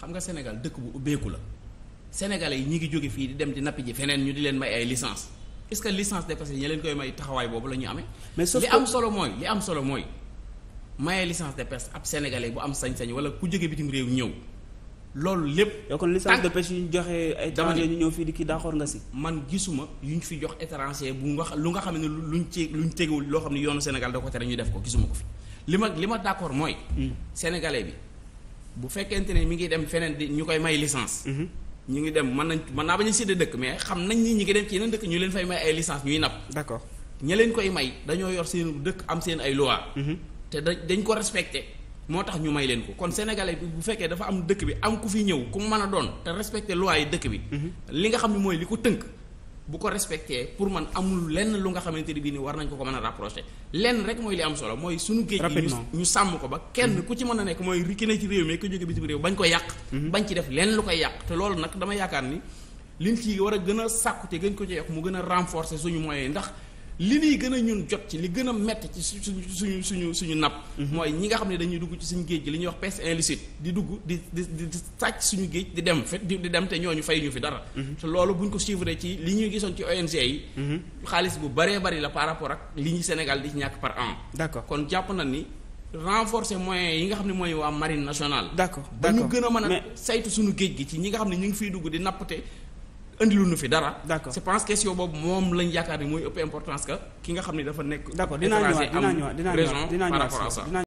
xam nga Sénégal dëkk bu ubbeeku la sénégalais yi ñi ngi jóge fii di dem di nappi ji feneen ñu di leen may ay licence est-ce que licence dépassé ñi leen koy may taxawaay boobu la ñuy amee. mais li am solo mooy li am solo mooy maye licence de pêche ab sénégalais bu am sañ-sañ wala ku jóge bitim réew ñëw loolu lépp. yow kon licence de pêche yu ñu joxe ay étranger ñu ñëw fii di kii d'accord nga si. man gisuma yu ñu fi jox étranger bu nga lu nga xam ne luñ ci luñ tegewul loo xam ne yoonu Sénégal da ko tere ñu def ko gisuma ko fi li ma li ma d'accord mooy. Hmm. sénégalais bi. bu fekkente ne mi ngi dem feneen di ñu koy may licence. Mhm. ñu ngi dem mën nañ mën naa ba ñu séddee dëkk mais xam nañ ni ñu ngi dem ci yeneen dëkk ñu leen fay may ay licence ñuy napp. d'accord ña leen koy may dañoo yor seen dëkk am seen ay loi mhm. te da dañ ko respecté moo tax ñu may leen ko kon sénégalais bi bu fekkee dafa am dëkk bi am ku fi ñëw ku mën a doon te respecté loi yi dëkk bi. Mhm. li nga xam ne mooy li ko tënk. bu ko respecté pour man amul lenn lu nga xamante ni bii ni war nañ ko ko mën a rapproché lenn rek mooy li am solo mooy suñu géej gi ñu sàmm ko ba kenn mm-hmm. ku ci mën a nekk mooy rikki na ci réew mi ku jóge bitim réew bañ ko yàq mm-hmm. bañ ci def lenn lu ko yàq te loolu nag dama yaakaar ni liñ ci war a gën a sàkku te gën ko ci yokk mu gën a renforcer suñu moyens ndax li ñuy gën a ñun jot ci li gën a métti ci suñu suñu suñu napp. Mhm. mooy ñi nga xam ne dañuy dugg ci suñu géej gi li ñuy wax pêche illicite di dugg di di di sàcc suñu géej di dem fet di dem te ñu fay ñu fi dara. Mhm. te loolu buñ ko suivre ci li ñuy gisoon ci ONG yi. Mhm. xaalis bu bëree bari la par rapport ak li ñuy Sénégal di ñàkk par an. d'accord kon jàpp na ni. renforcer moyens yi nga xam ne mooy waa marine nationale. d'accord d'accord ba ñu gën a mën a saytu suñu géej gi ci ñi nga xam ne ñu ngi fiy dugg di nappate indilu nu fi dara. d'accord je pense question boobu moom lañ yaakaar ni mooy ëpp importance que ki nga xam ni dafa nekk. d'accord dinaa ñëwaat dinaa ñëwaat dinaa ñëwaat par rapport à